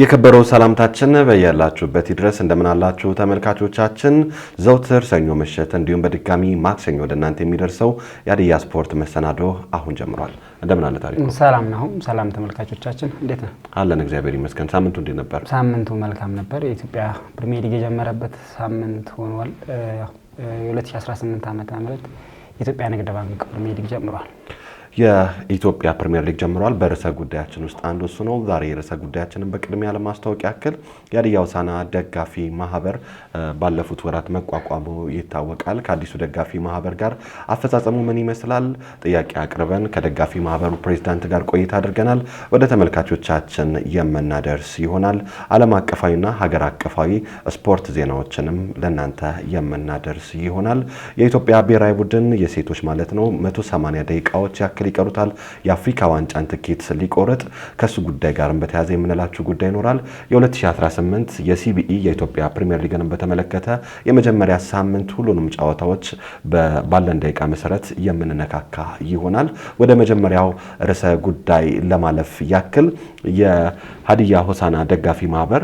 የከበረው ሰላምታችን በያላችሁበት ይድረስ። እንደምናላችሁ ተመልካቾቻችን፣ ዘውትር ሰኞ ምሽት እንዲሁም በድጋሚ ማክሰኞ ወደ እናንተ የሚደርሰው የሀዲያ ስፖርት መሰናዶ አሁን ጀምሯል። እንደምን አለ ታሪኩ? ሰላም ነው። ሰላም ተመልካቾቻችን፣ እንዴት ነው አለን? እግዚአብሔር ይመስገን። ሳምንቱ እንዴት ነበር? ሳምንቱ መልካም ነበር። የኢትዮጵያ ፕሪሚየር ሊግ የጀመረበት ሳምንት ሆኗል። የ2018 ዓ ም የኢትዮጵያ ንግድ ባንክ ፕሪሚየር ሊግ ጀምሯል። የኢትዮጵያ ፕሪምየር ሊግ ጀምሯል። በርዕሰ ጉዳያችን ውስጥ አንዱ እሱ ነው። ዛሬ ርዕሰ ጉዳያችንን በቅድሚያ ለማስታወቅ ያክል የሀዲያ ሆሳዕና ደጋፊ ማህበር ባለፉት ወራት መቋቋሙ ይታወቃል። ከአዲሱ ደጋፊ ማህበር ጋር አፈጻጸሙ ምን ይመስላል? ጥያቄ አቅርበን ከደጋፊ ማህበሩ ፕሬዚዳንት ጋር ቆይታ አድርገናል። ወደ ተመልካቾቻችን የምናደርስ ይሆናል። ዓለም አቀፋዊና ሀገር አቀፋዊ ስፖርት ዜናዎችንም ለእናንተ የምናደርስ ይሆናል። የኢትዮጵያ ብሔራዊ ቡድን የሴቶች ማለት ነው 180 ደቂቃዎች ያክል መካከል ይቀሩታል። የአፍሪካ ዋንጫን ትኬት ሊቆርጥ ከሱ ጉዳይ ጋርም በተያያዘ የምንላችሁ ጉዳይ ይኖራል። የ2018 የሲቢኢ የኢትዮጵያ ፕሪምየር ሊግንም በተመለከተ የመጀመሪያ ሳምንት ሁሉንም ጨዋታዎች ባለን ደቂቃ መሰረት የምንነካካ ይሆናል። ወደ መጀመሪያው ርዕሰ ጉዳይ ለማለፍ ያክል ሀዲያ ሆሳና ደጋፊ ማህበር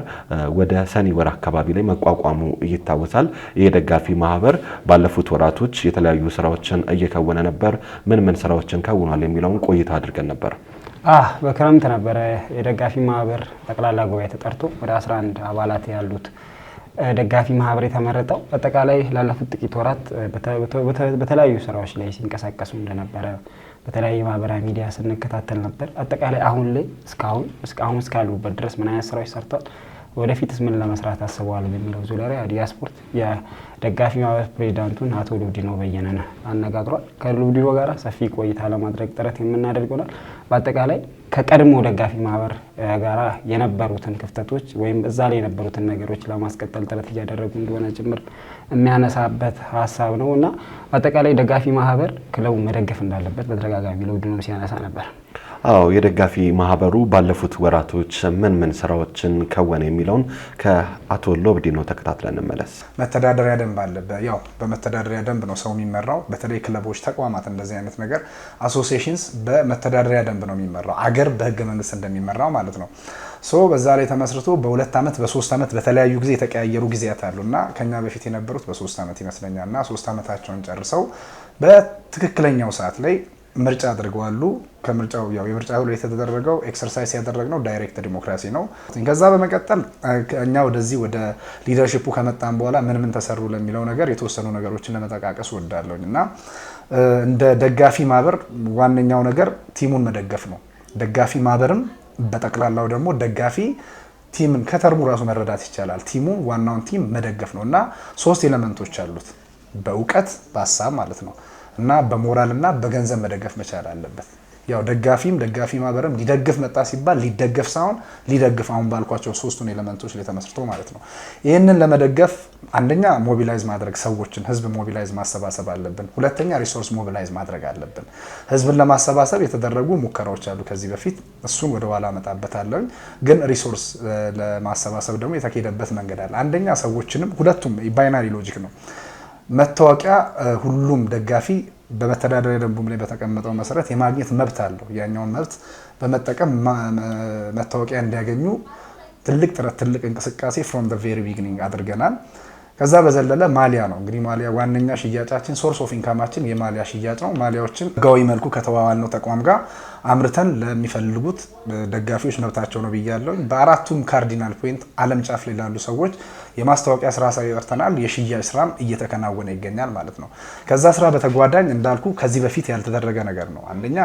ወደ ሰኔ ወር አካባቢ ላይ መቋቋሙ ይታወሳል። ይህ ደጋፊ ማህበር ባለፉት ወራቶች የተለያዩ ስራዎችን እየከወነ ነበር። ምን ምን ስራዎችን ከውኗል የሚለውን ቆይታ አድርገን ነበር። በክረምት ነበረ የደጋፊ ማህበር ጠቅላላ ጉባኤ ተጠርቶ ወደ 11 አባላት ያሉት ደጋፊ ማህበር የተመረጠው አጠቃላይ ላለፉት ጥቂት ወራት በተለያዩ ስራዎች ላይ ሲንቀሳቀሱ እንደነበረ በተለያየ ማህበራዊ ሚዲያ ስንከታተል ነበር። አጠቃላይ አሁን ላይ እስካሁን እስካሁን እስካሉበት ድረስ ምን አይነት ስራዎች ሰርተዋል። ወደፊትስ ምን ለመስራት አስበዋል በሚለው ዙሪያ ላይ ስፖርት የደጋፊ ማህበር ፕሬዚዳንቱን አቶ ሉብዲኖ በየነን አነጋግሯል። ከሉብዲኖ ጋር ሰፊ ቆይታ ለማድረግ ጥረት የምናደርግ ይሆናል። በአጠቃላይ ከቀድሞ ደጋፊ ማህበር ጋር የነበሩትን ክፍተቶች ወይም እዛ ላይ የነበሩትን ነገሮች ለማስቀጠል ጥረት እያደረጉ እንደሆነ ጭምር የሚያነሳበት ሀሳብ ነው እና በአጠቃላይ ደጋፊ ማህበር ክለቡ መደገፍ እንዳለበት በተደጋጋሚ ሉብዲኖ ሲያነሳ ነበር። አዎ የደጋፊ ማህበሩ ባለፉት ወራቶች ምን ምን ስራዎችን ከወነ የሚለውን ከአቶ ነው ተከታትለን እንመለስ። መተዳደሪያ ደንብ አለ። ያው በመተዳደሪያ ደንብ ነው ሰው የሚመራው። በተለይ ክለቦች፣ ተቋማት፣ እንደዚህ አይነት ነገር አሶሲሽንስ በመተዳደሪያ ደንብ ነው የሚመራው፣ አገር በህገ መንግስት እንደሚመራው ማለት ነው። ሶ በዛ ላይ ተመስርቶ በሁለት ዓመት በሶስት ዓመት በተለያዩ ጊዜ የተቀያየሩ ጊዜያት አሉ እና ከኛ በፊት የነበሩት በሶስት ዓመት ይመስለኛል እና ሶስት ዓመታቸውን ጨርሰው በትክክለኛው ሰዓት ላይ ምርጫ አድርገዋሉ። ከምርጫው ያው የምርጫ ሁሉ የተደረገው ኤክሰርሳይዝ ያደረግነው ዳይሬክት ዲሞክራሲ ነው። ከዛ በመቀጠል እኛ ወደዚህ ወደ ሊደርሽፑ ከመጣን በኋላ ምን ምን ተሰሩ ለሚለው ነገር የተወሰኑ ነገሮችን ለመጠቃቀስ ወዳለሁኝ እና እንደ ደጋፊ ማህበር ዋነኛው ነገር ቲሙን መደገፍ ነው። ደጋፊ ማህበርም በጠቅላላው ደግሞ ደጋፊ ቲምን ከተርሙ ራሱ መረዳት ይቻላል። ቲሙ ዋናውን ቲም መደገፍ ነው እና ሶስት ኤሌመንቶች አሉት በእውቀት በሀሳብ ማለት ነው እና በሞራል እና በገንዘብ መደገፍ መቻል አለበት። ያው ደጋፊም ደጋፊ ማህበርም ሊደግፍ መጣ ሲባል ሊደገፍ ሳይሆን ሊደግፍ አሁን ባልኳቸው ሶስቱን ኤለመንቶች ላይ ተመስርቶ ማለት ነው። ይህንን ለመደገፍ አንደኛ ሞቢላይዝ ማድረግ ሰዎችን፣ ህዝብ ሞቢላይዝ ማሰባሰብ አለብን። ሁለተኛ ሪሶርስ ሞቢላይዝ ማድረግ አለብን። ህዝብን ለማሰባሰብ የተደረጉ ሙከራዎች አሉ ከዚህ በፊት እሱን ወደ ኋላ እመጣበታለሁ። ግን ሪሶርስ ለማሰባሰብ ደግሞ የተካሄደበት መንገድ አለ። አንደኛ ሰዎችንም ሁለቱም ባይናሪ ሎጂክ ነው መታወቂያ ሁሉም ደጋፊ በመተዳደሪያ ደንቡም ላይ በተቀመጠው መሰረት የማግኘት መብት አለው። ያኛውን መብት በመጠቀም መታወቂያ እንዲያገኙ ትልቅ ጥረት፣ ትልቅ እንቅስቃሴ ፍሮም ቬሪ ቢግኒንግ አድርገናል። ከዛ በዘለለ ማሊያ ነው እንግዲህ ማሊያ ዋነኛ ሽያጫችን ሶርስ ኦፍ ኢንካማችን የማሊያ ሽያጭ ነው። ማሊያዎችን ህጋዊ መልኩ ከተዋዋልነው ተቋም ጋር አምርተን ለሚፈልጉት ደጋፊዎች መብታቸው ነው ብያለሁ። በአራቱም ካርዲናል ፖይንት አለም ጫፍ ላይ ላሉ ሰዎች የማስታወቂያ ስራ ሰርተናል። የሽያጭ ስራም እየተከናወነ ይገኛል ማለት ነው። ከዛ ስራ በተጓዳኝ እንዳልኩ ከዚህ በፊት ያልተደረገ ነገር ነው። አንደኛ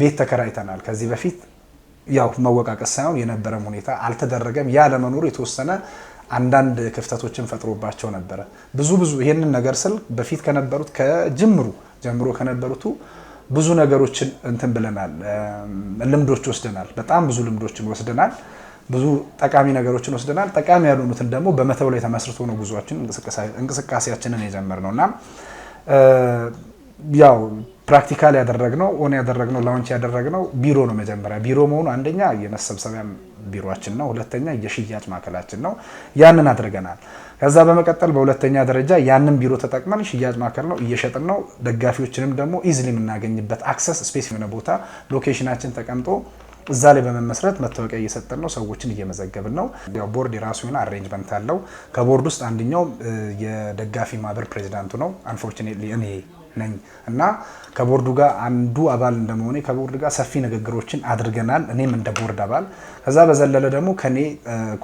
ቤት ተከራይተናል። ከዚህ በፊት ያው መወቃቀስ ሳይሆን የነበረም ሁኔታ አልተደረገም። ያ ለመኖሩ የተወሰነ አንዳንድ ክፍተቶችን ፈጥሮባቸው ነበረ። ብዙ ብዙ ይሄንን ነገር ስል በፊት ከነበሩት ከጅምሩ ጀምሮ ከነበሩቱ ብዙ ነገሮችን እንትን ብለናል። ልምዶች ወስደናል። በጣም ብዙ ልምዶችን ወስደናል። ብዙ ጠቃሚ ነገሮችን ወስደናል። ጠቃሚ ያልሆኑትን ደግሞ በመተው ላይ ተመስርቶ ነው ጉዟችን እንቅስቃሴያችንን የጀመርነው እና ያው ፕራክቲካል ያደረግነው ኦን ያደረግነው ላውንች ያደረግነው ቢሮ ነው። መጀመሪያ ቢሮ መሆኑ አንደኛ የመሰብሰቢያ ቢሮችን ነው፣ ሁለተኛ የሽያጭ ማዕከላችን ነው። ያንን አድርገናል። ከዛ በመቀጠል በሁለተኛ ደረጃ ያንን ቢሮ ተጠቅመን ሽያጭ ማዕከል ነው እየሸጥን ነው። ደጋፊዎችንም ደግሞ ኢዝሊ የምናገኝበት አክሰስ ስፔስ የሆነ ቦታ ሎኬሽናችን ተቀምጦ እዛ ላይ በመመስረት መታወቂያ እየሰጠን ነው፣ ሰዎችን እየመዘገብን ነው። ያው ቦርድ የራሱ የሆነ አሬንጅመንት አለው። ከቦርድ ውስጥ አንደኛው የደጋፊ ማህበር ፕሬዚዳንቱ ነው። አንፎርቹኔትሊ እኔ ነኝ እና ከቦርዱ ጋር አንዱ አባል እንደመሆኔ ከቦርድ ጋር ሰፊ ንግግሮችን አድርገናል። እኔም እንደ ቦርድ አባል ከዛ በዘለለ ደግሞ ከኔ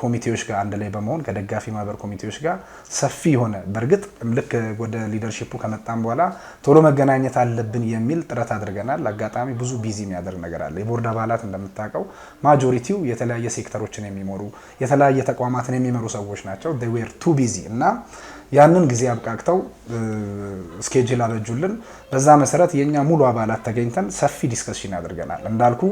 ኮሚቴዎች ጋር አንድ ላይ በመሆን ከደጋፊ ማህበር ኮሚቴዎች ጋር ሰፊ የሆነ በእርግጥ ልክ ወደ ሊደርሺፑ ከመጣም በኋላ ቶሎ መገናኘት አለብን የሚል ጥረት አድርገናል። አጋጣሚ ብዙ ቢዚ የሚያደርግ ነገር አለ። የቦርድ አባላት እንደምታውቀው ማጆሪቲው የተለያየ ሴክተሮችን የሚመሩ የተለያየ ተቋማትን የሚመሩ ሰዎች ናቸው። ዌር ቱ ቢዚ እና ያንን ጊዜ አብቃቅተው ስኬጅል አበጁልን። በዛ መሰረት የእኛ ሙሉ አባላት ተገኝተን ሰፊ ዲስከሽን ያደርገናል። እንዳልኩ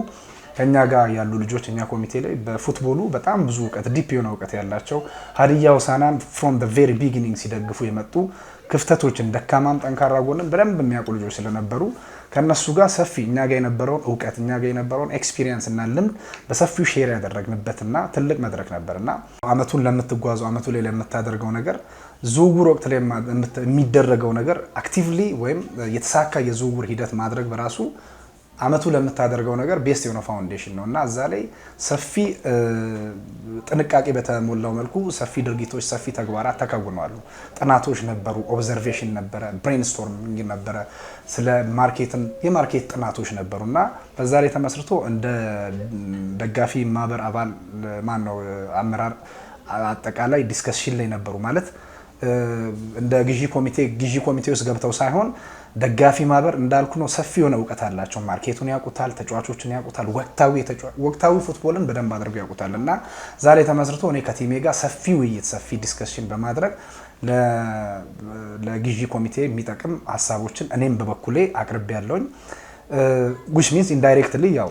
ከኛ ጋር ያሉ ልጆች እኛ ኮሚቴ ላይ በፉትቦሉ በጣም ብዙ እውቀት ዲፕ የሆነ እውቀት ያላቸው ሀዲያ ሆሳዕናን ፍሮም ዘ ቬሪ ቢግኒንግ ሲደግፉ የመጡ ክፍተቶችን፣ ደካማም ጠንካራ ጎንን በደንብ የሚያውቁ ልጆች ስለነበሩ ከእነሱ ጋር ሰፊ እኛ ጋር የነበረውን እውቀት እኛ ጋር የነበረውን ኤክስፒሪየንስ እና ልምድ በሰፊው ሼር ያደረግንበትና ትልቅ መድረክ ነበርና አመቱን ለምትጓዘው አመቱ ላይ ለምታደርገው ነገር ዝውውር ወቅት ላይ የሚደረገው ነገር አክቲቭሊ ወይም የተሳካ የዝውውር ሂደት ማድረግ በራሱ አመቱ ለምታደርገው ነገር ቤስት የሆነ ፋውንዴሽን ነው እና እዛ ላይ ሰፊ ጥንቃቄ በተሞላው መልኩ ሰፊ ድርጊቶች፣ ሰፊ ተግባራት ተከውነዋሉ። ጥናቶች ነበሩ፣ ኦብዘርቬሽን ነበረ፣ ብሬንስቶርሚንግ ነበረ፣ ስለ ማርኬትን የማርኬት ጥናቶች ነበሩ እና በዛ ላይ ተመስርቶ እንደ ደጋፊ ማህበር አባል ማን ነው አመራር አጠቃላይ ዲስከሽን ላይ ነበሩ ማለት እንደ ግዢ ኮሚቴ ግዢ ኮሚቴ ውስጥ ገብተው ሳይሆን ደጋፊ ማህበር እንዳልኩ ነው። ሰፊ የሆነ እውቀት አላቸው። ማርኬቱን ያውቁታል፣ ተጫዋቾችን ያውቁታል፣ ወቅታዊ ፉትቦልን በደንብ አድርገው ያውቁታል። እና ዛሬ ተመስርቶ እኔ ከቲሜ ጋር ሰፊ ውይይት፣ ሰፊ ዲስከሽን በማድረግ ለግዢ ኮሚቴ የሚጠቅም ሀሳቦችን እኔም በበኩሌ አቅርብ ያለውኝ ጉሽ ሚንስ ኢንዳይሬክትሊ ያው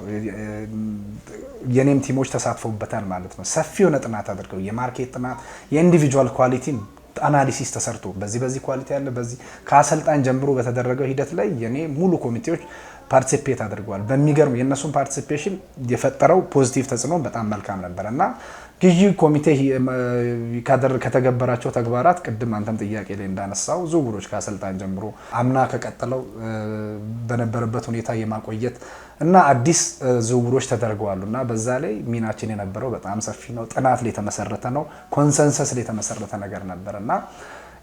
የኔም ቲሞች ተሳትፎበታል ማለት ነው። ሰፊ የሆነ ጥናት አድርገው የማርኬት ጥናት የኢንዲቪጁዋል ኳሊቲን አናሊሲስ ተሰርቶ በዚህ በዚህ ኳሊቲ ያለ በዚህ ከአሰልጣኝ ጀምሮ በተደረገው ሂደት ላይ የኔ ሙሉ ኮሚቴዎች ፓርቲሲፔት አድርገዋል። በሚገርም የእነሱን ፓርቲሲፔሽን የፈጠረው ፖዚቲቭ ተጽዕኖ በጣም መልካም ነበር እና ግዢ ኮሚቴ ከተገበራቸው ተግባራት ቅድም አንተም ጥያቄ ላይ እንዳነሳው ዝውውሮች ከአሰልጣኝ ጀምሮ አምና ከቀጠለው በነበረበት ሁኔታ የማቆየት እና አዲስ ዝውውሮች ተደርገዋሉ እና በዛ ላይ ሚናችን የነበረው በጣም ሰፊ ነው። ጥናት ላይ የተመሰረተ ነው። ኮንሰንሰስ ላይ የተመሰረተ ነገር ነበር እና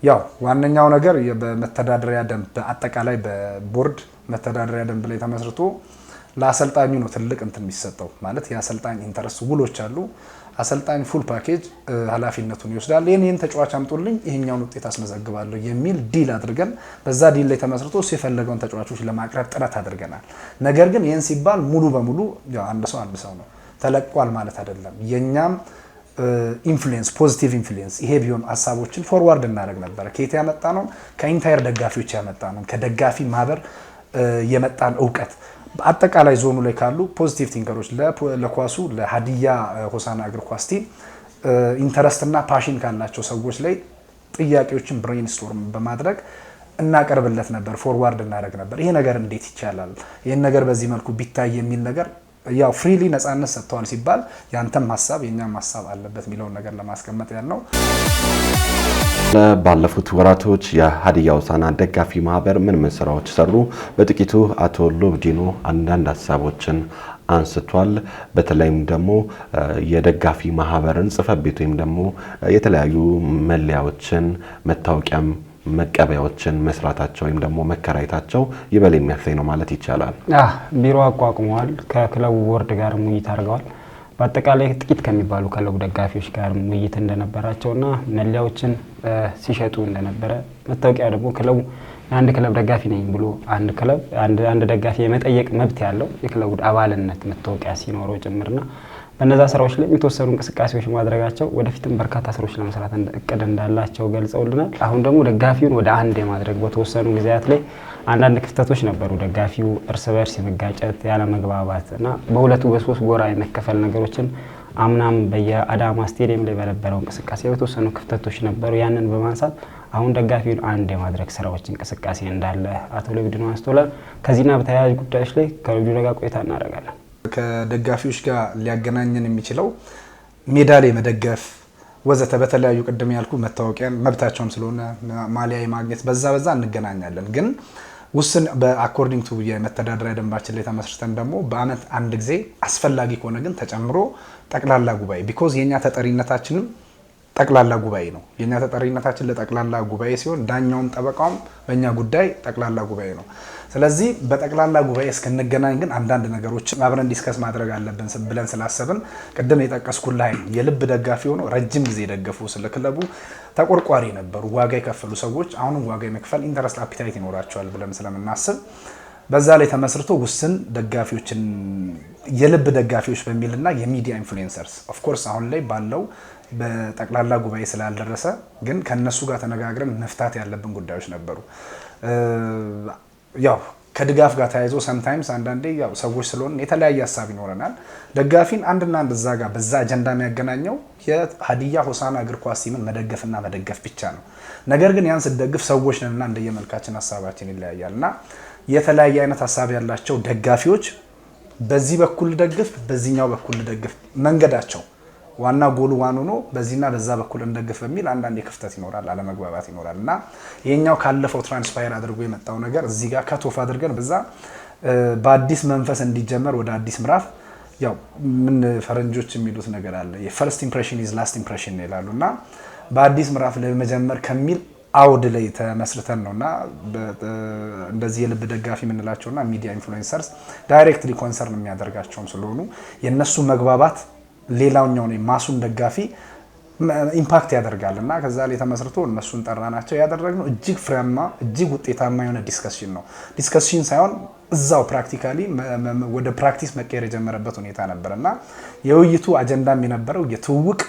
ያው ዋነኛው ነገር በመተዳደሪያ ደንብ በአጠቃላይ በቦርድ መተዳደሪያ ደንብ ላይ ተመስርቶ ለአሰልጣኙ ነው ትልቅ እንትን የሚሰጠው ማለት የአሰልጣኝ ኢንተረስት ውሎች አሉ አሰልጣኝ ፉል ፓኬጅ ኃላፊነቱን ይወስዳል። ይህን ተጫዋች አምጡልኝ ይህኛውን ውጤት አስመዘግባለሁ የሚል ዲል አድርገን በዛ ዲል ላይ ተመስርቶ እሱ የፈለገውን ተጫዋቾች ለማቅረብ ጥረት አድርገናል። ነገር ግን ይህን ሲባል ሙሉ በሙሉ አንድ ሰው አንድ ሰው ነው ተለቋል ማለት አይደለም። የእኛም ኢንፍሉዌንስ ፖዚቲቭ ኢንፍሉዌንስ ይሄ ቢሆን ሀሳቦችን ፎርዋርድ እናደርግ ነበረ። ከየት ያመጣ ነው? ከኢንታየር ደጋፊዎች ያመጣ ነው። ከደጋፊ ማህበር የመጣን እውቀት በአጠቃላይ ዞኑ ላይ ካሉ ፖዚቲቭ ቲንከሮች ለኳሱ ለሀዲያ ሆሳና እግር ኳስ ቲም ኢንተረስት እና ፓሽን ካላቸው ሰዎች ላይ ጥያቄዎችን ብሬን ስቶርም በማድረግ እናቀርብለት ነበር፣ ፎርዋርድ እናደረግ ነበር። ይሄ ነገር እንዴት ይቻላል፣ ይህን ነገር በዚህ መልኩ ቢታይ የሚል ነገር ያው ፍሪሊ ነጻነት ሰጥተዋል ሲባል ያንተም ሀሳብ የእኛም ሀሳብ አለበት የሚለውን ነገር ለማስቀመጥ ያልነው ባለፉት ወራቶች የሀዲያ ሆሳዕና ደጋፊ ማህበር ምን ምን ስራዎች ሰሩ? በጥቂቱ አቶ ሎብዲኖ አንዳንድ ሀሳቦችን አንስቷል። በተለይም ደግሞ የደጋፊ ማህበርን ጽፈት ቤት ወይም ደግሞ የተለያዩ መለያዎችን መታወቂያም መቀበያዎችን መስራታቸው ወይም ደግሞ መከራየታቸው ይበል የሚያሰኝ ነው ማለት ይቻላል። ቢሮ አቋቁመዋል። ከክለቡ ቦርድ ጋር ውይይት አድርገዋል። በአጠቃላይ ጥቂት ከሚባሉ ክለቡ ደጋፊዎች ጋር ውይይት እንደነበራቸውና መለያዎችን ሲሸጡ እንደነበረ መታወቂያ ደግሞ ክለቡ የአንድ ክለብ ደጋፊ ነኝ ብሎ አንድ ክለብ አንድ ደጋፊ የመጠየቅ መብት ያለው የክለቡ አባልነት መታወቂያ ሲኖረው ጭምርና በእነዛ ስራዎች ላይ የተወሰኑ እንቅስቃሴዎች ማድረጋቸው ወደፊትም በርካታ ስራዎች ለመስራት እቅድ እንዳላቸው ገልጸውልናል። አሁን ደግሞ ደጋፊውን ወደ አንድ የማድረግ በተወሰኑ ጊዜያት ላይ አንዳንድ ክፍተቶች ነበሩ። ደጋፊው እርስ በርስ የመጋጨት መግባባት እና በሁለቱ በሶስት ጎራ የመከፈል ነገሮችን አምናም በየአዳማ ስቴዲየም ላይ በነበረው እንቅስቃሴ በተወሰኑ ክፍተቶች ነበሩ። ያንን በማንሳት አሁን ደጋፊውን አንድ የማድረግ ስራዎች እንቅስቃሴ እንዳለ አቶ ልብድን አንስቶላል። ከዚህና በተያያዥ ጉዳዮች ላይ ከልብዱ ጋር ቆይታ እናደርጋለን። ከደጋፊዎች ጋር ሊያገናኘን የሚችለው ሜዳ ላይ መደገፍ ወዘተ በተለያዩ ቅድም ያልኩ መታወቂያን መብታቸውም ስለሆነ ማሊያ ማግኘት በዛ በዛ እንገናኛለን ግን ውስን በአኮርዲንግ ቱ የመተዳደሪያ ደንባችን ላይ ተመስርተን ደግሞ በአመት አንድ ጊዜ አስፈላጊ ከሆነ ግን ተጨምሮ ጠቅላላ ጉባኤ ቢኮዝ የእኛ ተጠሪነታችንም ጠቅላላ ጉባኤ ነው። የእኛ ተጠሪነታችን ለጠቅላላ ጉባኤ ሲሆን ዳኛውም ጠበቃውም በእኛ ጉዳይ ጠቅላላ ጉባኤ ነው። ስለዚህ በጠቅላላ ጉባኤ እስክንገናኝ ግን አንዳንድ ነገሮችን አብረን ዲስከስ ማድረግ አለብን ብለን ስላሰብን ቅድም የጠቀስኩልህ የልብ ደጋፊ ሆኖ ረጅም ጊዜ የደገፉ ስለ ክለቡ ተቆርቋሪ ነበሩ፣ ዋጋ የከፈሉ ሰዎች አሁንም ዋጋ የመክፈል ኢንተረስት አፒታይት ይኖራቸዋል ብለን ስለምናስብ በዛ ላይ ተመስርቶ ውስን ደጋፊዎችን የልብ ደጋፊዎች በሚልና የሚዲያ ኢንፍሉዌንሰርስ ኦፍኮርስ አሁን ላይ ባለው በጠቅላላ ጉባኤ ስላልደረሰ ግን ከነሱ ጋር ተነጋግረን መፍታት ያለብን ጉዳዮች ነበሩ። ያው ከድጋፍ ጋር ተያይዞ ሰምታይምስ አንዳንዴ ያው ሰዎች ስለሆን የተለያየ ሀሳብ ይኖረናል። ደጋፊን አንድና አንድ እዛ ጋር በዛ አጀንዳ የሚያገናኘው የሀዲያ ሆሳና እግር ኳስ ሲምን መደገፍና መደገፍ ብቻ ነው። ነገር ግን ያን ስደግፍ ሰዎች ነንና እንደየመልካችን ሀሳባችን ይለያያል እና የተለያየ አይነት ሀሳብ ያላቸው ደጋፊዎች በዚህ በኩል ልደግፍ፣ በዚህኛው በኩል ልደግፍ መንገዳቸው ዋና ጎሉ ዋን ሆኖ በዚህና በዛ በኩል እንደግፍ በሚል አንዳንድ የክፍተት ይኖራል፣ አለመግባባት ይኖራል እና ይሄኛው ካለፈው ትራንስፋየር አድርጎ የመጣው ነገር እዚህ ጋር ከቶፍ አድርገን በዛ በአዲስ መንፈስ እንዲጀመር ወደ አዲስ ምዕራፍ ያው ምን ፈረንጆች የሚሉት ነገር አለ የፈርስት ኢምፕሬሽን ኢዝ ላስት ኢምፕሬሽን ይላሉ እና በአዲስ ምዕራፍ ለመጀመር ከሚል አውድ ላይ ተመስርተን ነው እና እንደዚህ የልብ ደጋፊ የምንላቸውና ሚዲያ ኢንፍሉዌንሰርስ ዳይሬክትሊ ኮንሰርን የሚያደርጋቸውም ስለሆኑ የእነሱ መግባባት ሌላውኛውን የማሱን ደጋፊ ኢምፓክት ያደርጋል እና ከዛ ላይ ተመስርቶ እነሱን ጠራናቸው። ያደረግነው እጅግ ፍሬያማ እጅግ ውጤታማ የሆነ ዲስከሽን ነው። ዲስከሽን ሳይሆን እዛው ፕራክቲካሊ ወደ ፕራክቲስ መቀየር የጀመረበት ሁኔታ ነበር እና የውይይቱ አጀንዳም የነበረው የትውውቅ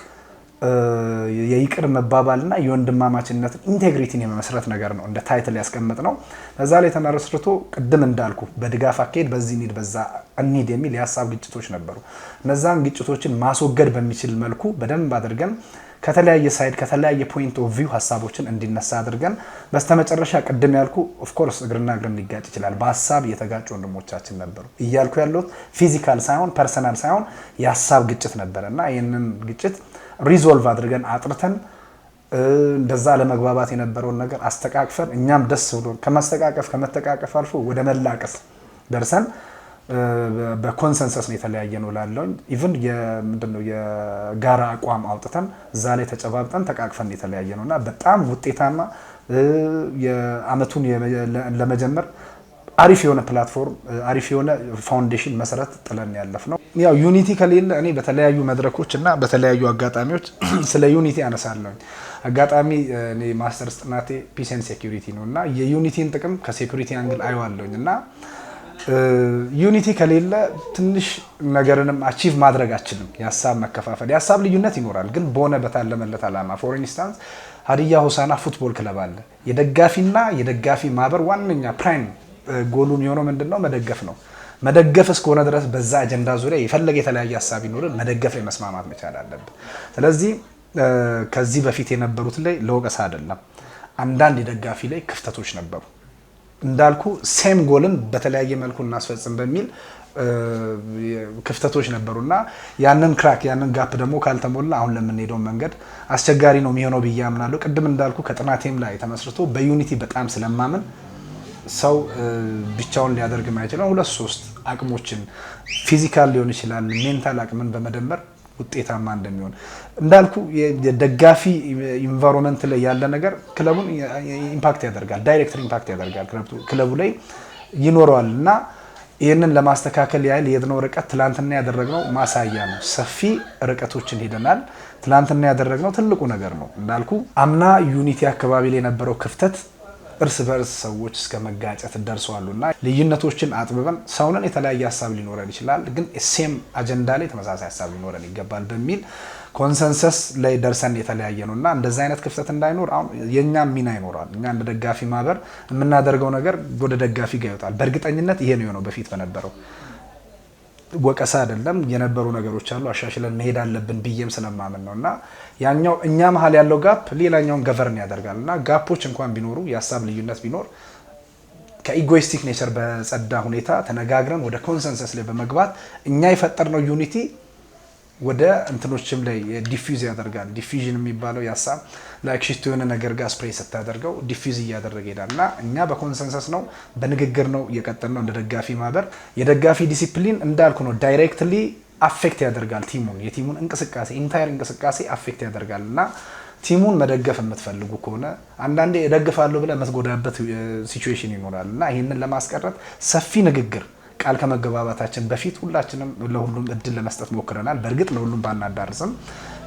የይቅር መባባልና የወንድማማችነትን ኢንቴግሪቲን የመመስረት ነገር ነው እንደ ታይትል ያስቀምጥ ነው። በዛ ላይ ተመስርቶ ቅድም እንዳልኩ በድጋፍ አካሄድ በዚህ ኒድ በዛ እኒድ የሚል የሀሳብ ግጭቶች ነበሩ። እነዛን ግጭቶችን ማስወገድ በሚችል መልኩ በደንብ አድርገን ከተለያየ ሳይድ ከተለያየ ፖይንት ኦፍ ቪው ሀሳቦችን እንዲነሳ አድርገን በስተመጨረሻ ቅድም ያልኩ ኦፍኮርስ እግርና እግርን ሊጋጭ ይችላል። በሀሳብ የተጋጩ ወንድሞቻችን ነበሩ። እያልኩ ያለሁት ፊዚካል ሳይሆን ፐርሰናል ሳይሆን የሀሳብ ግጭት ነበረ እና ይህንን ግጭት ሪዞልቭ አድርገን አጥርተን እንደዛ ለመግባባት የነበረውን ነገር አስተቃቅፈን እኛም ደስ ብሎን ከማስተቃቀፍ ከመተቃቀፍ አልፎ ወደ መላቀስ ደርሰን በኮንሰንሰስ ነው የተለያየ ነው ላለው ኢቭን ምንድነው የጋራ አቋም አውጥተን እዛ ላይ ተጨባብጠን ተቃቅፈን የተለያየ ነው እና በጣም ውጤታማ የአመቱን ለመጀመር አሪፍ የሆነ ፕላትፎርም አሪፍ የሆነ ፋውንዴሽን መሰረት ጥለን ያለፍ ነው። ያው ዩኒቲ ከሌለ እኔ በተለያዩ መድረኮች እና በተለያዩ አጋጣሚዎች ስለ ዩኒቲ አነሳለሁኝ። አጋጣሚ እኔ ማስተርስ ጥናቴ ፒስ ሴኩሪቲ ነው እና የዩኒቲን ጥቅም ከሴኩሪቲ አንግል አየዋለሁኝ እና ዩኒቲ ከሌለ ትንሽ ነገርንም አቺቭ ማድረግ አችልም። የሀሳብ መከፋፈል የሀሳብ ልዩነት ይኖራል፣ ግን በሆነ በታለመለት አላማ ፎር ኢንስታንስ ሀዲያ ሆሳና ፉትቦል ክለብ አለ። የደጋፊና የደጋፊ ማህበር ዋነኛ ፕራይም ጎሉ የሚሆነው ምንድን ነው? መደገፍ ነው። መደገፍ እስከሆነ ድረስ በዛ አጀንዳ ዙሪያ የፈለገ የተለያየ ሀሳብ ይኖር መደገፍ ላይ መስማማት መቻል አለብን። ስለዚህ ከዚህ በፊት የነበሩት ላይ ለወቀሳ አይደለም፣ አንዳንድ የደጋፊ ላይ ክፍተቶች ነበሩ። እንዳልኩ ሴም ጎልን በተለያየ መልኩ እናስፈጽም በሚል ክፍተቶች ነበሩና ያንን ክራክ ያንን ጋፕ ደግሞ ካልተሞላ አሁን ለምንሄደው መንገድ አስቸጋሪ ነው የሚሆነው ብዬ አምናለሁ። ቅድም እንዳልኩ ከጥናቴም ላይ ተመስርቶ በዩኒቲ በጣም ስለማምን ሰው ብቻውን ሊያደርግ የማይችለው ሁለት ሶስት አቅሞችን ፊዚካል ሊሆን ይችላል፣ ሜንታል አቅምን በመደመር ውጤታማ እንደሚሆን እንዳልኩ ደጋፊ ኢንቫይሮንመንት ላይ ያለ ነገር ክለቡን ኢምፓክት ያደርጋል፣ ዳይሬክተር ኢምፓክት ያደርጋል ክለቡ ላይ ይኖረዋል እና ይህንን ለማስተካከል ያህል የሄድነው ርቀት ትላንትና ያደረግነው ማሳያ ነው። ሰፊ ርቀቶችን ሄደናል። ትላንትና ያደረግነው ትልቁ ነገር ነው። እንዳልኩ አምና ዩኒቲ አካባቢ ላይ የነበረው ክፍተት እርስ በርስ ሰዎች እስከ መጋጨት ደርሰዋሉና ልዩነቶችን አጥብበን ሰውነን የተለያየ ሀሳብ ሊኖረን ይችላል፣ ግን ሴም አጀንዳ ላይ ተመሳሳይ ሀሳብ ሊኖረን ይገባል በሚል ኮንሰንሰስ ላይ ደርሰን የተለያየ ነው እና እንደዚ አይነት ክፍተት እንዳይኖር አሁን የእኛ ሚና ይኖራል። እኛ እንደ ደጋፊ ማህበር የምናደርገው ነገር ወደ ደጋፊ ጋር ይወጣል። በእርግጠኝነት ይሄ ነው የሆነው በፊት በነበረው ወቀሳ አይደለም። የነበሩ ነገሮች አሉ አሻሽለን መሄድ አለብን ብዬም ስለማምን ነው እና ያኛው እኛ መሀል ያለው ጋፕ ሌላኛውን ገቨርን ያደርጋል እና ጋፖች እንኳን ቢኖሩ የሀሳብ ልዩነት ቢኖር ከኢጎይስቲክ ኔቸር በጸዳ ሁኔታ ተነጋግረን ወደ ኮንሰንሰስ ላይ በመግባት እኛ የፈጠርነው ዩኒቲ ወደ እንትኖችም ላይ ዲፊዝ ያደርጋል። ዲፊዥን የሚባለው ያሳ ላይክ ሽቱ የሆነ ነገር ጋር ስፕሬይ ስታደርገው ዲፊዝ እያደረገ ይሄዳል እና እኛ በኮንሰንሰስ ነው በንግግር ነው እየቀጠል ነው እንደ ደጋፊ ማህበር። የደጋፊ ዲሲፕሊን እንዳልኩ ነው ዳይሬክትሊ አፌክት ያደርጋል ቲሙን፣ የቲሙን እንቅስቃሴ ኢንታየር እንቅስቃሴ አፌክት ያደርጋል እና ቲሙን መደገፍ የምትፈልጉ ከሆነ አንዳንዴ እደግፋለሁ ብለህ መስጎዳበት ሲቹዌሽን ይኖራል እና ይህንን ለማስቀረት ሰፊ ንግግር ቃል ከመገባባታችን በፊት ሁላችንም ለሁሉም እድል ለመስጠት ሞክረናል። በእርግጥ ለሁሉም ባናዳርስም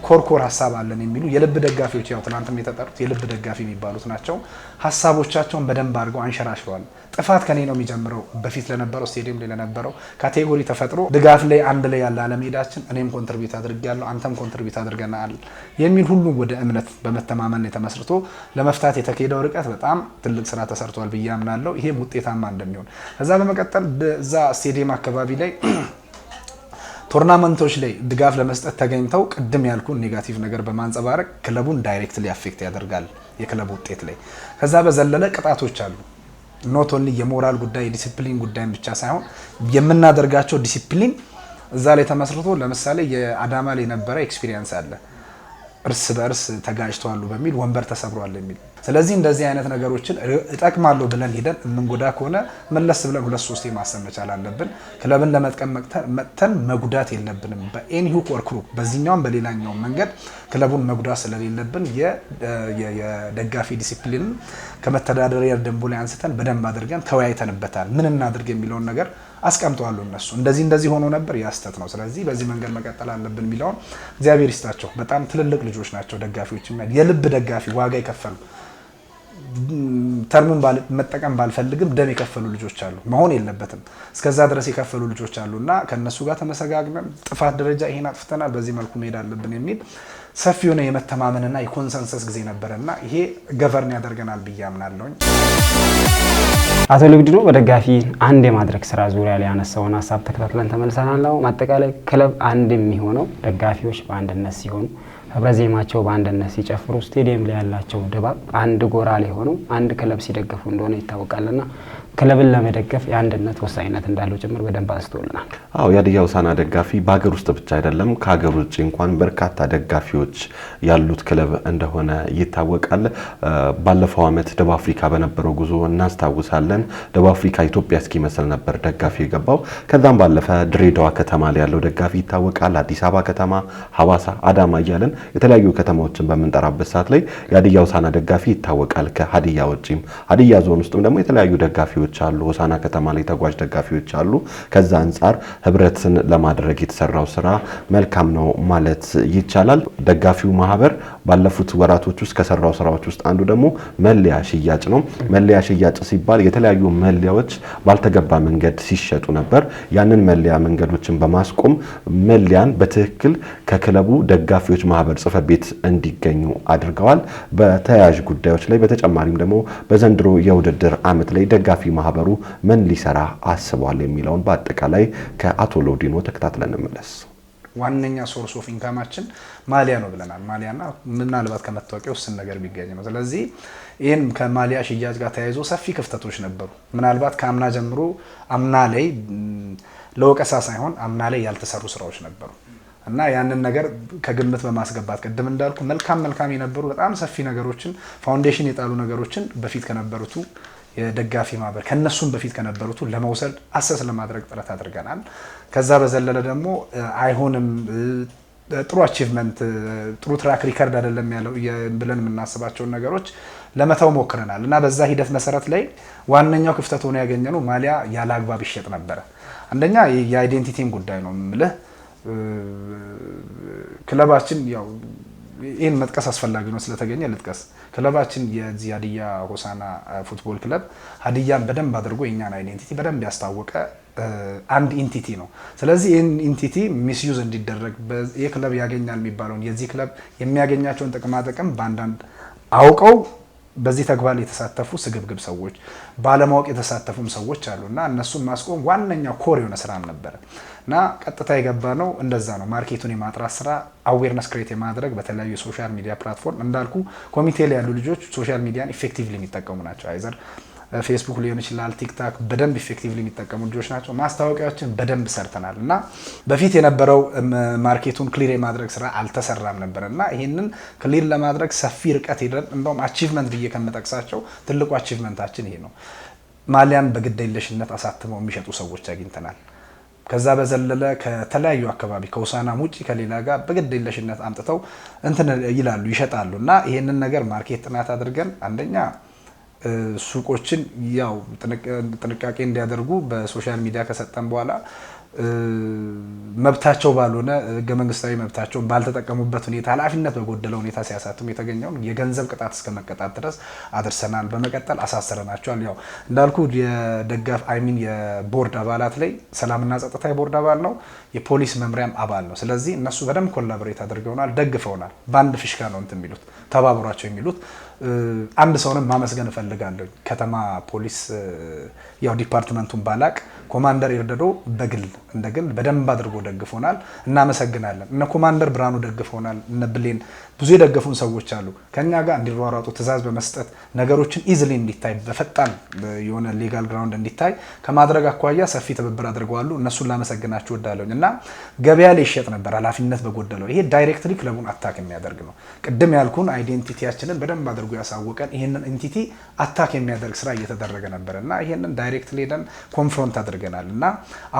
ኮርኮር ሀሳብ አለን የሚሉ የልብ ደጋፊዎች ያው ትናንትም የተጠሩት የልብ ደጋፊ የሚባሉት ናቸው። ሀሳቦቻቸውን በደንብ አድርገው አንሸራሽረዋል። ጥፋት ከኔ ነው የሚጀምረው በፊት ለነበረው ስቴዲየም ላይ ለነበረው ካቴጎሪ ተፈጥሮ ድጋፍ ላይ አንድ ላይ ያለ አለመሄዳችን እኔም ኮንትሪቢዩት አድርጌያለሁ፣ አንተም ኮንትሪቢዩት አድርገናል የሚል ሁሉም ወደ እምነት በመተማመን የተመስርቶ ለመፍታት የተካሄደው ርቀት በጣም ትልቅ ስራ ተሰርቷል ብዬ አምናለሁ። ይሄም ውጤታማ እንደሚሆን ከዛ በመቀጠል በዛ ስቴዲየም አካባቢ ላይ ቶርናመንቶች ላይ ድጋፍ ለመስጠት ተገኝተው ቅድም ያልኩ ኔጋቲቭ ነገር በማንጸባረቅ ክለቡን ዳይሬክት ሊያፌክት ያደርጋል የክለቡ ውጤት ላይ። ከዛ በዘለለ ቅጣቶች አሉ። ኖት ኦንሊ የሞራል ጉዳይ የዲሲፕሊን ጉዳይ ብቻ ሳይሆን የምናደርጋቸው ዲሲፕሊን እዛ ላይ ተመስርቶ ለምሳሌ የአዳማ ላይ የነበረ ኤክስፒሪየንስ አለ። እርስ በእርስ ተጋጅተዋሉ በሚል ወንበር ተሰብሯል የሚል ስለዚህ እንደዚህ አይነት ነገሮችን እጠቅማለሁ ብለን ሄደን የምንጎዳ ከሆነ መለስ ብለን ሁለት ሶስት ማሰብ መቻል አለብን። ክለብን ለመጥቀም መጥተን መጉዳት የለብንም። በኤኒሁክ ወርክሩ በዚህኛውም በሌላኛውም መንገድ ክለቡን መጉዳት ስለሌለብን የደጋፊ ዲሲፕሊንን ከመተዳደሪያ ደንቡ ላይ አንስተን በደንብ አድርገን ተወያይተንበታል። ምን እናድርግ የሚለውን ነገር አስቀምጠዋሉ እነሱ እንደዚህ እንደዚህ ሆኖ ነበር ያስተት ነው። ስለዚህ በዚህ መንገድ መቀጠል አለብን የሚለውን እግዚአብሔር ይስጣቸው። በጣም ትልልቅ ልጆች ናቸው ደጋፊዎች፣ የልብ ደጋፊ ዋጋ ይከፈሉ ተርሙን መጠቀም ባልፈልግም ደም የከፈሉ ልጆች አሉ። መሆን የለበትም እስከዛ ድረስ የከፈሉ ልጆች አሉ እና ከእነሱ ጋር ተመሰጋግመን ጥፋት ደረጃ ይሄን አጥፍተናል፣ በዚህ መልኩ መሄድ አለብን የሚል ሰፊ የሆነ የመተማመንና የኮንሰንሰስ ጊዜ ነበረ እና ይሄ ገቨርን ያደርገናል ብዬ አምናለሁኝ። አቶ ልግድዱ በደጋፊ አንድ የማድረግ ስራ ዙሪያ ላይ ያነሳውን ሀሳብ ተከታትለን ተመልሰናል። ማጠቃላይ ክለብ አንድ የሚሆነው ደጋፊዎች በአንድነት ሲሆኑ ህብረ ዜማቸው በአንድነት ሲጨፍሩ ስቴዲየም ላይ ያላቸው ድባብ አንድ ጎራ ላይ ሆነው አንድ ክለብ ሲደግፉ እንደሆነ ይታወቃልና ክለብን ለመደገፍ የአንድነት ወሳኝነት እንዳለው ጭምር በደንብ አንስቶልናል። አዎ የሀዲያ ሆሳዕና ደጋፊ በሀገር ውስጥ ብቻ አይደለም ከሀገር ውጭ እንኳን በርካታ ደጋፊዎች ያሉት ክለብ እንደሆነ ይታወቃል። ባለፈው ዓመት ደቡብ አፍሪካ በነበረው ጉዞ እናስታውሳለን። ደቡብ አፍሪካ ኢትዮጵያ እስኪመስል ነበር ደጋፊ የገባው። ከዛም ባለፈ ድሬዳዋ ከተማ ላይ ያለው ደጋፊ ይታወቃል። አዲስ አበባ ከተማ፣ ሀዋሳ፣ አዳማ እያለን የተለያዩ ከተማዎችን በምንጠራበት ሰዓት ላይ የሀዲያ ሆሳዕና ደጋፊ ይታወቃል። ከሀዲያ ውጭም ሀዲያ ዞን ውስጥም ደግሞ የተለያዩ ደጋፊዎች ደጋፊዎች አሉ፣ ሆሳና ከተማ ላይ ተጓዥ ደጋፊዎች አሉ። ከዛ አንጻር ህብረትን ለማድረግ የተሰራው ስራ መልካም ነው ማለት ይቻላል። ደጋፊው ማህበር ባለፉት ወራቶች ውስጥ ከሰራው ስራዎች ውስጥ አንዱ ደግሞ መለያ ሽያጭ ነው። መለያ ሽያጭ ሲባል የተለያዩ መለያዎች ባልተገባ መንገድ ሲሸጡ ነበር። ያንን መለያ መንገዶችን በማስቆም መለያን በትክክል ከክለቡ ደጋፊዎች ማህበር ጽህፈት ቤት እንዲገኙ አድርገዋል። በተያያዥ ጉዳዮች ላይ በተጨማሪም ደግሞ በዘንድሮ የውድድር አመት ላይ ደጋፊ ማህበሩ ምን ሊሰራ አስቧል የሚለውን በአጠቃላይ ከአቶ ሎዲኖ ተከታትለን እንመለስ። ዋነኛ ሶርስ ኦፍ ኢንካማችን ማሊያ ነው ብለናል። ማሊያና ምናልባት ከመታወቂያ ውስን ነገር ቢገኝ ነው። ስለዚህ ይህን ከማሊያ ሽያጭ ጋር ተያይዞ ሰፊ ክፍተቶች ነበሩ። ምናልባት ከአምና ጀምሮ አምና ላይ ለወቀሳ ሳይሆን አምና ላይ ያልተሰሩ ስራዎች ነበሩ እና ያንን ነገር ከግምት በማስገባት ቅድም እንዳልኩ መልካም መልካም የነበሩ በጣም ሰፊ ነገሮችን ፋውንዴሽን የጣሉ ነገሮችን በፊት ከነበሩቱ የደጋፊ ማህበር ከነሱም በፊት ከነበሩቱ ለመውሰድ አሰስ ለማድረግ ጥረት አድርገናል። ከዛ በዘለለ ደግሞ አይሆንም ጥሩ አቺቭመንት ጥሩ ትራክ ሪከርድ አይደለም ያለው ብለን የምናስባቸውን ነገሮች ለመተው ሞክረናል እና በዛ ሂደት መሰረት ላይ ዋነኛው ክፍተት ሆኖ ያገኘነው ማሊያ ያለ አግባብ ይሸጥ ነበረ። አንደኛ የአይዴንቲቲም ጉዳይ ነው የምልህ ክለባችን ያው ይህን መጥቀስ አስፈላጊ ነው ስለተገኘ ልጥቀስ። ክለባችን የዚህ ሀዲያ ሆሳና ፉትቦል ክለብ ሀዲያን በደንብ አድርጎ የኛን አይዴንቲቲ በደንብ ያስታወቀ አንድ ኢንቲቲ ነው። ስለዚህ ይህን ኢንቲቲ ሚስዩዝ እንዲደረግ ይህ ክለብ ያገኛል የሚባለውን የዚህ ክለብ የሚያገኛቸውን ጥቅማጥቅም በአንዳንድ አውቀው በዚህ ተግባር የተሳተፉ ስግብግብ ሰዎች፣ ባለማወቅ የተሳተፉም ሰዎች አሉ እና እነሱን ማስቆም ዋነኛ ኮር የሆነ ስራም ነበረ። እና ቀጥታ የገባ ነው። እንደዛ ነው ማርኬቱን የማጥራት ስራ አዌርነስ ክሬት የማድረግ በተለያዩ የሶሻል ሚዲያ ፕላትፎርም እንዳልኩ ኮሚቴ ላይ ያሉ ልጆች ሶሻል ሚዲያን ኢፌክቲቭሊ የሚጠቀሙ ናቸው። አይዘር ፌስቡክ ሊሆን ይችላል፣ ቲክታክ በደንብ ኢፌክቲቭሊ የሚጠቀሙ ልጆች ናቸው። ማስታወቂያዎችን በደንብ ሰርተናል እና በፊት የነበረው ማርኬቱን ክሊር የማድረግ ስራ አልተሰራም ነበር እና ይህንን ክሊር ለማድረግ ሰፊ ርቀት ሄደን እንደውም አቺቭመንት ብዬ ከምጠቅሳቸው ትልቁ አቺቭመንታችን ይሄ ነው። ማሊያን በግዳይለሽነት አሳትመው የሚሸጡ ሰዎች አግኝተናል። ከዛ በዘለለ ከተለያዩ አካባቢ ከውሳናም ውጭ ከሌላ ጋር በግድ የለሽነት አምጥተው እንትን ይላሉ ይሸጣሉ። እና ይህንን ነገር ማርኬት ጥናት አድርገን አንደኛ ሱቆችን ያው ጥንቃቄ እንዲያደርጉ በሶሻል ሚዲያ ከሰጠን በኋላ መብታቸው ባልሆነ ህገ መንግስታዊ መብታቸውን ባልተጠቀሙበት ሁኔታ ኃላፊነት በጎደለ ሁኔታ ሲያሳትሙ የተገኘውን የገንዘብ ቅጣት እስከ መቀጣት ድረስ አድርሰናል። በመቀጠል አሳስረናቸዋል። ያው እንዳልኩ የደጋፍ አይሚን የቦርድ አባላት ላይ ሰላምና ጸጥታ የቦርድ አባል ነው፣ የፖሊስ መምሪያም አባል ነው። ስለዚህ እነሱ በደንብ ኮላቦሬት አድርገውናል፣ ደግፈውናል። በአንድ ፊሽካ ነው እንትን የሚሉት ተባብሯቸው የሚሉት አንድ ሰውንም ማመስገን እፈልጋለሁ። ከተማ ፖሊስ ያው ዲፓርትመንቱን ባላቅ ኮማንደር ይርደዶ በግል እንደ ግል በደንብ አድርጎ ደግፎናል፣ እናመሰግናለን። እነ ኮማንደር ብርሃኑ ደግፎናል፣ እነ ብሌን ብዙ የደገፉን ሰዎች አሉ። ከኛ ጋር እንዲሯሯጡ ትእዛዝ በመስጠት ነገሮችን ኢዝሊ እንዲታይ በፈጣን የሆነ ሌጋል ግራውንድ እንዲታይ ከማድረግ አኳያ ሰፊ ትብብር አድርገዋሉ። እነሱን ላመሰግናችሁ ወዳለሁኝ እና ገበያ ላይ ይሸጥ ነበር ኃላፊነት በጎደለው ይሄ ዳይሬክትሊ ክለቡን አታክ የሚያደርግ ነው። ቅድም ያልኩን አይዴንቲቲያችንን በደንብ አድርጎ ያሳወቀን ይህንን ኢንቲቲ አታክ የሚያደርግ ስራ እየተደረገ ነበር እና ይህንን ዳይሬክት ሌደን ኮንፍሮንት አድርገናል እና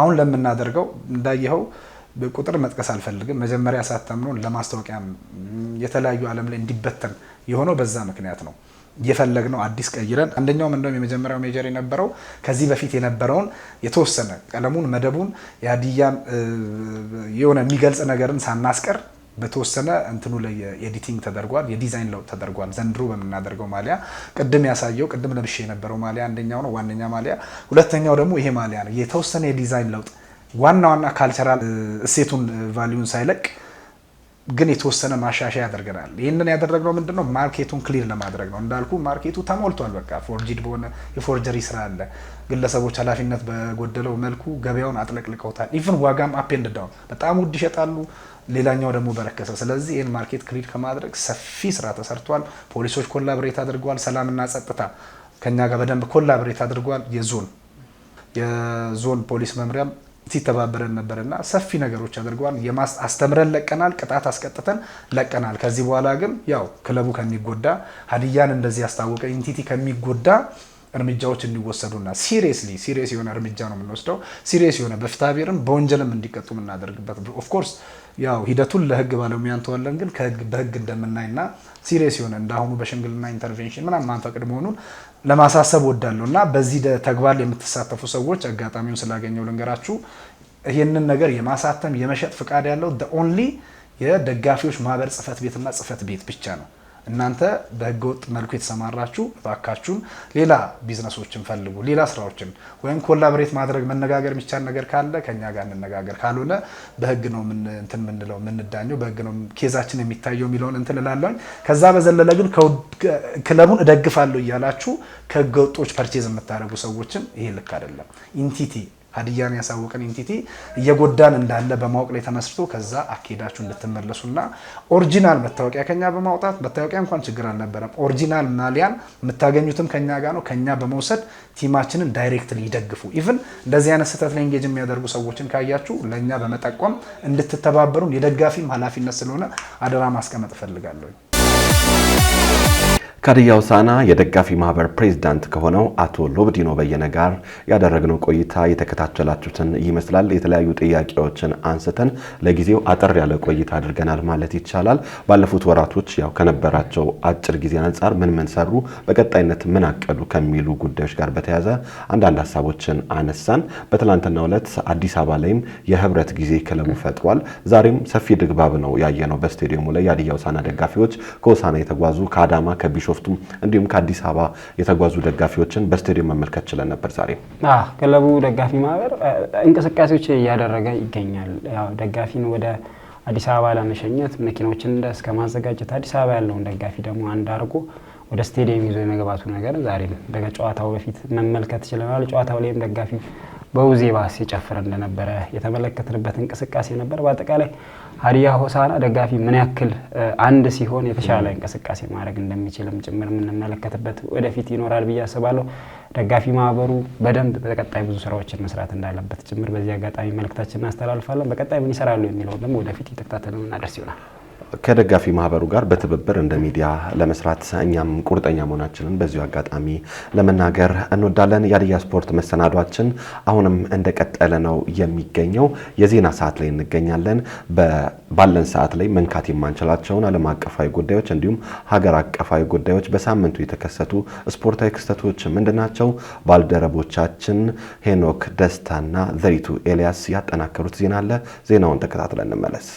አሁን ለምናደርገው እንዳየኸው ቁጥር መጥቀስ አልፈልግም። መጀመሪያ ያሳተምነውን ለማስታወቂያ የተለያዩ ዓለም ላይ እንዲበተን የሆነው በዛ ምክንያት ነው። ነው አዲስ ቀይረን አንደኛውም እንደውም የመጀመሪያው ሜጀር የነበረው ከዚህ በፊት የነበረውን የተወሰነ ቀለሙን፣ መደቡን የሀዲያን የሆነ የሚገልጽ ነገርን ሳናስቀር በተወሰነ እንትኑ ላይ ኤዲቲንግ ተደርጓል፣ የዲዛይን ለውጥ ተደርጓል። ዘንድሮ በምናደርገው ማሊያ ቅድም ያሳየው ቅድም ለብሼ የነበረው ማሊያ አንደኛው ነው፣ ዋነኛ ማሊያ። ሁለተኛው ደግሞ ይሄ ማሊያ ነው። የተወሰነ የዲዛይን ለውጥ ዋና ዋና ካልቸራል እሴቱን ቫሊዩን ሳይለቅ ግን የተወሰነ ማሻሻያ ያደርገናል። ይህንን ያደረግነው ምንድን ነው? ማርኬቱን ክሊር ለማድረግ ነው። እንዳልኩ ማርኬቱ ተሞልቷል። በቃ ፎርጂድ በሆነ የፎርጀሪ ስራ አለ። ግለሰቦች ኃላፊነት በጎደለው መልኩ ገበያውን አጥለቅልቀውታል። ኢቨን ዋጋም አፕ ዳውን በጣም ውድ ይሸጣሉ። ሌላኛው ደግሞ በረከሰ። ስለዚህ ይህን ማርኬት ክሊድ ከማድረግ ሰፊ ስራ ተሰርቷል። ፖሊሶች ኮላብሬት አድርገዋል። ሰላምና ጸጥታ ከኛ ጋር በደንብ ኮላብሬት አድርጓል። የዞን የዞን ፖሊስ መምሪያም ሲተባበረን ነበርና ሰፊ ነገሮች አድርገዋል። አስተምረን ለቀናል፣ ቅጣት አስቀጥተን ለቀናል። ከዚህ በኋላ ግን ያው ክለቡ ከሚጎዳ ሀዲያን እንደዚህ ያስታወቀ ኢንቲቲ ከሚጎዳ እርምጃዎች እንዲወሰዱና ሲሪየስሊ ሲሪየስ የሆነ እርምጃ ነው የምንወስደው። ሲሪየስ የሆነ በፍትሐ ብሔርም በወንጀልም እንዲቀጡ የምናደርግበት ኦፍኮርስ ያው ሂደቱን ለህግ ባለሙያ እንተዋለን። ግን በህግ እንደምናይና ሲሪየስ የሆነ እንዳሁኑ በሽምግልና ኢንተርቬንሽን ምናምን ማንፈቅድ መሆኑን ለማሳሰብ ወዳለሁ እና በዚህ ተግባር የምትሳተፉ ሰዎች አጋጣሚውን ስላገኘው ልንገራችሁ። ይህንን ነገር የማሳተም የመሸጥ ፍቃድ ያለው ኦንሊ የደጋፊዎች ማህበር ጽህፈት ቤትና ጽህፈት ቤት ብቻ ነው። እናንተ በህገወጥ መልኩ የተሰማራችሁ እባካችሁን ሌላ ቢዝነሶችን ፈልጉ፣ ሌላ ስራዎችን ወይም ኮላብሬት ማድረግ መነጋገር የሚቻል ነገር ካለ ከኛ ጋር እንነጋገር፣ ካልሆነ በህግ ነው እንትን የምንለው የምንዳኘው በህግ ነው ኬዛችን የሚታየው የሚለውን እንትን እላለሁኝ። ከዛ በዘለለ ግን ክለቡን እደግፋለሁ እያላችሁ ወጦች ፐርቼዝ የምታደርጉ ሰዎችም ይሄ ልክ አይደለም ኢንቲቲ ሀዲያን ያሳወቀን ኢንቲቲ እየጎዳን እንዳለ በማወቅ ላይ ተመስርቶ ከዛ አካሄዳችሁ እንድትመለሱና ኦሪጂናል መታወቂያ ከኛ በማውጣት መታወቂያ እንኳን ችግር አልነበረም። ኦሪጂናል ማሊያን የምታገኙትም ከኛ ጋር ነው። ከኛ በመውሰድ ቲማችንን ዳይሬክትሊ ይደግፉ። ኢቭን እንደዚህ አይነት ስህተት ላይ የሚያደርጉ ሰዎችን ካያችሁ ለእኛ በመጠቆም እንድትተባበሩን የደጋፊም ኃላፊነት ስለሆነ አደራ ማስቀመጥ እፈልጋለሁ። ሀዲያ ሆሳዕና የደጋፊ ማህበር ፕሬዚዳንት ከሆነው አቶ ሎብዲኖ በየነ ጋር ያደረግነው ቆይታ የተከታተላችሁትን ይመስላል። የተለያዩ ጥያቄዎችን አንስተን ለጊዜው አጠር ያለ ቆይታ አድርገናል ማለት ይቻላል። ባለፉት ወራቶች ያው ከነበራቸው አጭር ጊዜ አንጻር ምን ምን ሰሩ፣ በቀጣይነት ምን አቀዱ ከሚሉ ጉዳዮች ጋር በተያያዘ አንዳንድ ሀሳቦችን አነሳን። በትናንትናው ዕለት አዲስ አበባ ላይም የህብረት ጊዜ ክለቡ ፈጥሯል። ዛሬም ሰፊ ድግባብ ነው ያየነው በስቴዲየሙ ላይ የሀዲያ ሆሳዕና ደጋፊዎች ከሆሳዕና የተጓዙ ከአዳማ ከቢሾ ከቢሾፍቱም እንዲሁም ከአዲስ አበባ የተጓዙ ደጋፊዎችን በስቴዲየም መመልከት ችለን ነበር። ዛሬ ክለቡ ደጋፊ ማህበር እንቅስቃሴዎች እያደረገ ይገኛል። ያው ደጋፊን ወደ አዲስ አበባ ለመሸኘት መኪናዎችን እንደ እስከ ማዘጋጀት አዲስ አበባ ያለውን ደጋፊ ደግሞ አንድ አድርጎ ወደ ስቴዲየም ይዞ የመግባቱ ነገር ዛሬ ጨዋታው በፊት መመልከት ችለናል። ጨዋታው ላይም ደጋፊ በውዜባ ሲጨፍር እንደነበረ የተመለከትንበት እንቅስቃሴ ነበር። በአጠቃላይ ሀዲያ ሆሳና ደጋፊ ምን ያክል አንድ ሲሆን የተሻለ እንቅስቃሴ ማድረግ እንደሚችልም ጭምር የምንመለከትበት ወደፊት ይኖራል ብዬ አስባለሁ። ደጋፊ ማህበሩ በደንብ በቀጣይ ብዙ ስራዎችን መስራት እንዳለበት ጭምር በዚህ አጋጣሚ መልእክታችን እናስተላልፋለን። በቀጣይ ምን ይሰራሉ የሚለውን ደግሞ ወደፊት የተከታተልን እናደርስ ይሆናል። ከደጋፊ ማህበሩ ጋር በትብብር እንደ ሚዲያ ለመስራት እኛም ቁርጠኛ መሆናችንን በዚሁ አጋጣሚ ለመናገር እንወዳለን። የሀዲያ ስፖርት መሰናዷችን አሁንም እንደቀጠለ ነው የሚገኘው። የዜና ሰዓት ላይ እንገኛለን። ባለን ሰዓት ላይ መንካት የማንችላቸውን ዓለም አቀፋዊ ጉዳዮች እንዲሁም ሀገር አቀፋዊ ጉዳዮች በሳምንቱ የተከሰቱ ስፖርታዊ ክስተቶች ምንድናቸው? ባልደረቦቻችን ሄኖክ ደስታና ዘሪቱ ኤልያስ ያጠናከሩት ዜና አለ። ዜናውን ተከታትለን እንመለስ።